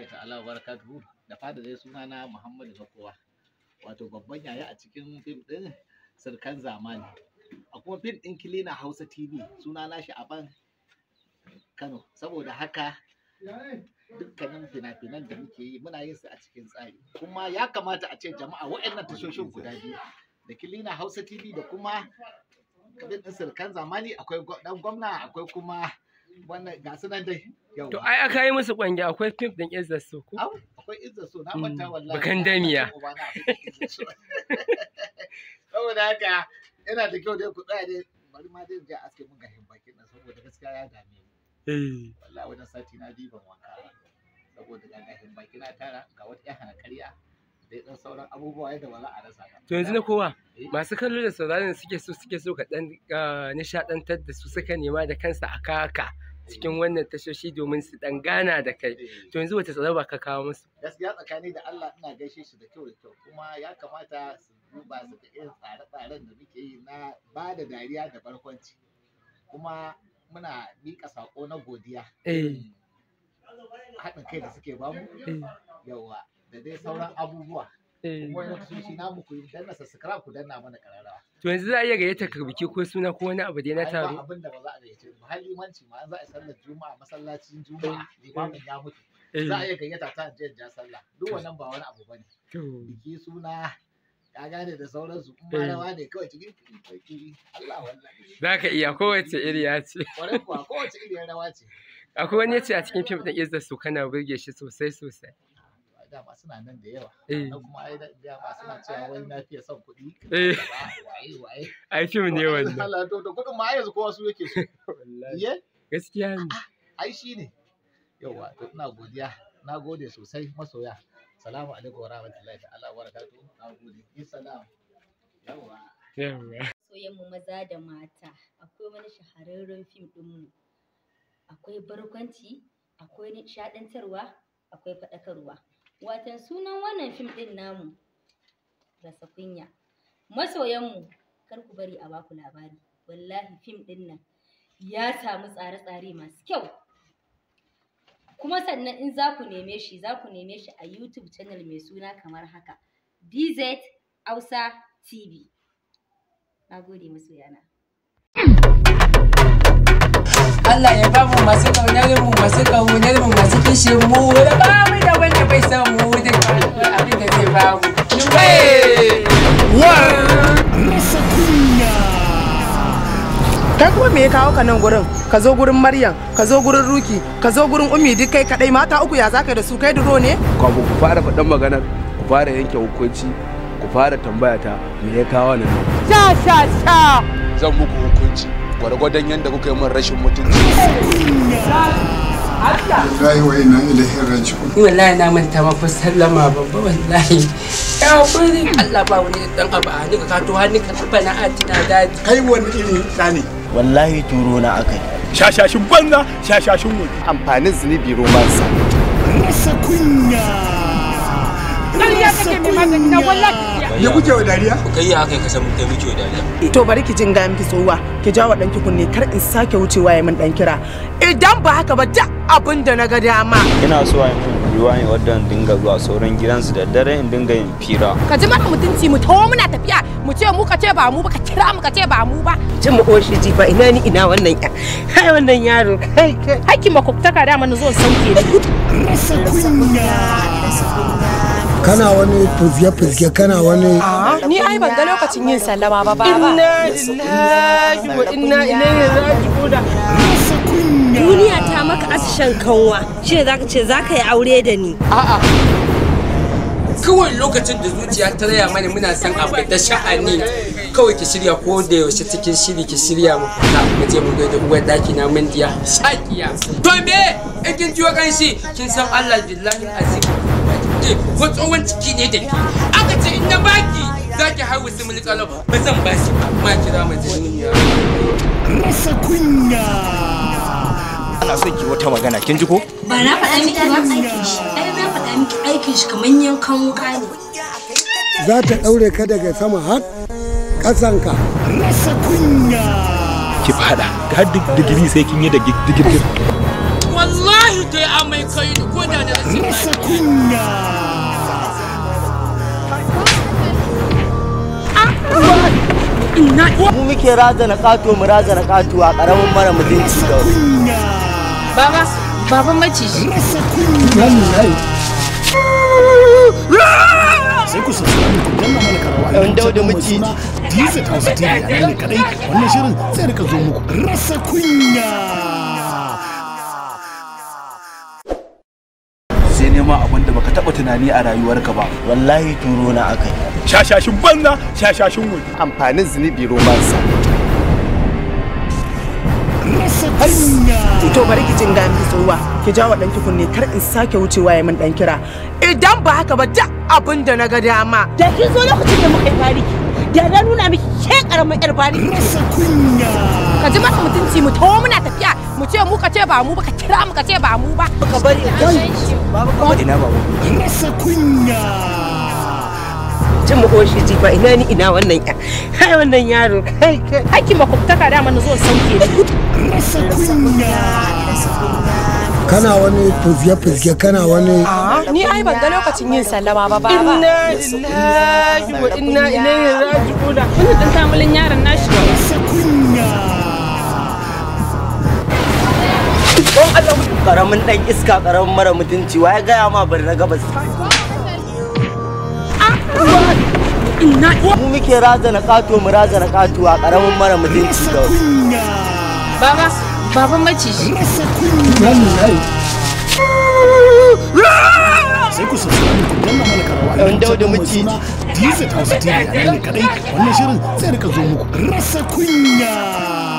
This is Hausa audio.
rahmatullahi ta'ala barakatuhu da fada dai suna na Muhammadu Zakowa wato babban yaya a cikin fim din sirkan zamani a kuma fim din Kilina Hausa TV suna na shi Aban Kano saboda haka dukkanin fina-finan da muke yi muna yin su a cikin tsari kuma ya kamata a ce jama'a waɗannan tashoshin guda biyu da Kilina Hausa TV da kuma kabin din sirkan zamani akwai dan gwamna akwai kuma wannan ga su nan to ai aka yi musu kwangi akwai fim din izzar so ko akwai izzar na hmm, manta wallahi bakan damiya saboda haka da kyau dai ku tsaya dai bari ma dai ga aske mun bakin nan saboda gaskiya ya dame ni eh. wallahi wannan sati na wanka saboda ga na tara ga wata dai dan sauran abubuwa yadda ba za a rasa to yanzu na kowa eh. masu kallo da sauraron suke so suke so ka dan ah, nishadantar da su suka nema da kansa a kaka cikin wannan tashoshi domin su dan gana da kai eh. to yanzu wata tsaraba ka kawo musu gaskiya tsakani da Allah ina gaishe shi da kyau da kyau kuma ya kamata su duba su ga irin tsare-tsaren da muke yi na ba da dariya da barkwanci kuma muna mika sako na godiya eh. haɗin kai da suke bamu eh. yauwa da dai sauran abubuwa Eh. Wanda su shi namu ku yi danna subscribe ku danna mana karara. To yanzu za a iya gayyatar ka biki ko suna ko wani abu dai na taro. Abin da ba za a gayyace ba har limanci ma za a yi sallar juma'a masallacin juma'a eh. limamin ya mutu. Eh. Za a iya gayyata ta je ja sallah duk wannan ba wani abu bane. Biki suna ka gane da sauransu in ma rawa ne kawai cikin kiri Allah wallahi. Za ka iya kowace iriya ce. Kwarai kuwa kowace iriyar rawa ce. Akwai wani ya ce a cikin fim ɗin Izza su kana burge shi sosai sosai. dama suna nan da yawa eh. nan kuma ai dama suna cewa wai na fiye son kuɗi eh. waye waye ai fim ne wannan Allah to da kuɗin ma yanzu kowa su yake so wallahi gaskiya ne ah, ai shi yawa to ina godiya na gode sosai masoya salamu alaikum wa rahmatullahi ta'ala wa barakatuh na gode salam yawa yawa soyayyen mu maza da mata akwai wani shahararren fim din mu akwai barkwanci akwai nishadantarwa akwai faɗakarwa Watan sunan wannan fim ɗin namu rasa kunya. Masoyanmu kar ku bari a baku labari. Wallahi fim ɗin nan ya samu tsare-tsare masu kyau. Kuma sannan in za ku neme shi za ku neme shi a YouTube channel mai suna kamar haka DZ Hausa TV. Na gode masoyana. Allah ya bamu masu ƙaunar mu masu ƙaunar mu masu kishin mu da mu da wani kai san mu da abin da zai bamu. Kai kuma me ya kawo ka nan gurin? Ka zo gurin Maryam, ka zo gurin Ruki, ka zo gurin Umi duk kai kadai mata uku ya zaka da su kai duro ne? Ka ku fara faɗan maganar, ku fara yanke hukunci, ku fara tambaya ta me ya kawo nan? Sha sha sha. Zan muku hukunci gwargwadon yadda kuka yi min rashin mutunci. wallahi wa ina ilahi raji'un wallahi na manta ma fa sallama babba wallahi ya kuri Allah ba wani dan abu a hannu ka to hannu ka tafa na atina daji kai wani irin tsani wallahi turo na akai shashashin banza shashashin wani amfanin zunubi romansa rasa kunya rasa kunya ya kuke wa dariya kai ya kai ka san kai muke wa dariya to bari ki jin ga miki tsowa ki jawo danki kunne kar in sake wucewa ya min dan kira idan ba haka ba duk abin da na ga dama ina so a yi ruwa ne wadda in dinga zuwa sauran gidansu da dare in dinga yin fira ka ji mana mutunci mu tawo muna tafiya mu ce mu ka ce ba mu ba ka kira mu ka ce ba mu ba jin mu koshi ji ba ina ni ina wannan ya kai wannan yaro kai kai hakki makwabtaka da mana zo sauke ni kunya kana wani fizge-fizge kana wani ni ai ban ga lokacin yin sallama ba ba inna lillahi wa inna ilaihi raji'un duniya ta maka asishan kanwa shi zaka ce zaka yi aure da ni a'a kawai lokacin da zuciya ta raya mana muna son abu da sha'ani kawai ki shirya ko da yaushe cikin shiri ki shirya mu fita mu je mu gode uwar daki na mindiya shakiya to me in kin kan shi kin san Allah billahi azim Eh, ko tsohon ciki ne da ke aka ce in na baki za ki haihu su mili ba zan ba shi ma kira mai jini rasa kunya ana son ki wata magana kin ji ko ba na faɗa miki ba aikin shi ai na faɗa miki aikin shi kamar yankan wuka ne za ta ɗaure ka daga sama har ƙasanka rasa kunya ki faɗa ga digiri sai kin yi da digirgir wallahi dai amai kai ko da da rasa kunya mu muke razana kato mu razana katuwa karamin mara mutunci kawai baba baba maciji sai ku subscribe ku danna mana karawa dan dauda miji Disa House TV a nan kadai wannan shirin sai rika zo muku rasa kunya nema abin da baka taba tunani a rayuwarka ba wallahi turo na akai shashashin banza shashashin wuri amfanin zunubi romansa to bari ki jin gami tsohuwa ki ja wa ɗanki kunne kar in sake wucewa ya min ɗan kira idan ba haka ba duk abin da na ga dama da kin zo lokacin da muka yi tariki da na nuna miki ke karamin yar bari ka ji masa mutunci mu tawo muna tafiya ce mu ka ce ba mu ba ka kira mu ka ce ba mu ba ka bari ba ina ba rasa kunya jin mako shi ba ina ni ina wannan ya kai wannan yaro kai kai hakki makwabtaka da mana zo sauke ni rasa kunya kana wani fizge-fizge kana wani ah, ni ai ban ga lokacin yin sallama ba ba inna lillahi wa inna ilaihi raji'un wani dan tamulin yaron nashi ba kunya don Allah karamin dan iska karamin mara mutunci waye gaya ma bari na gabas mu muke raza na kato mu raza razana katuwa karamin mara mutunci ga wasu. baba baban maciji sai ku subscribe ku danna mana karawa dan dauda maciji Dizet House TV a nan ne kadai wannan shirin zai rika zo muku rasa kunya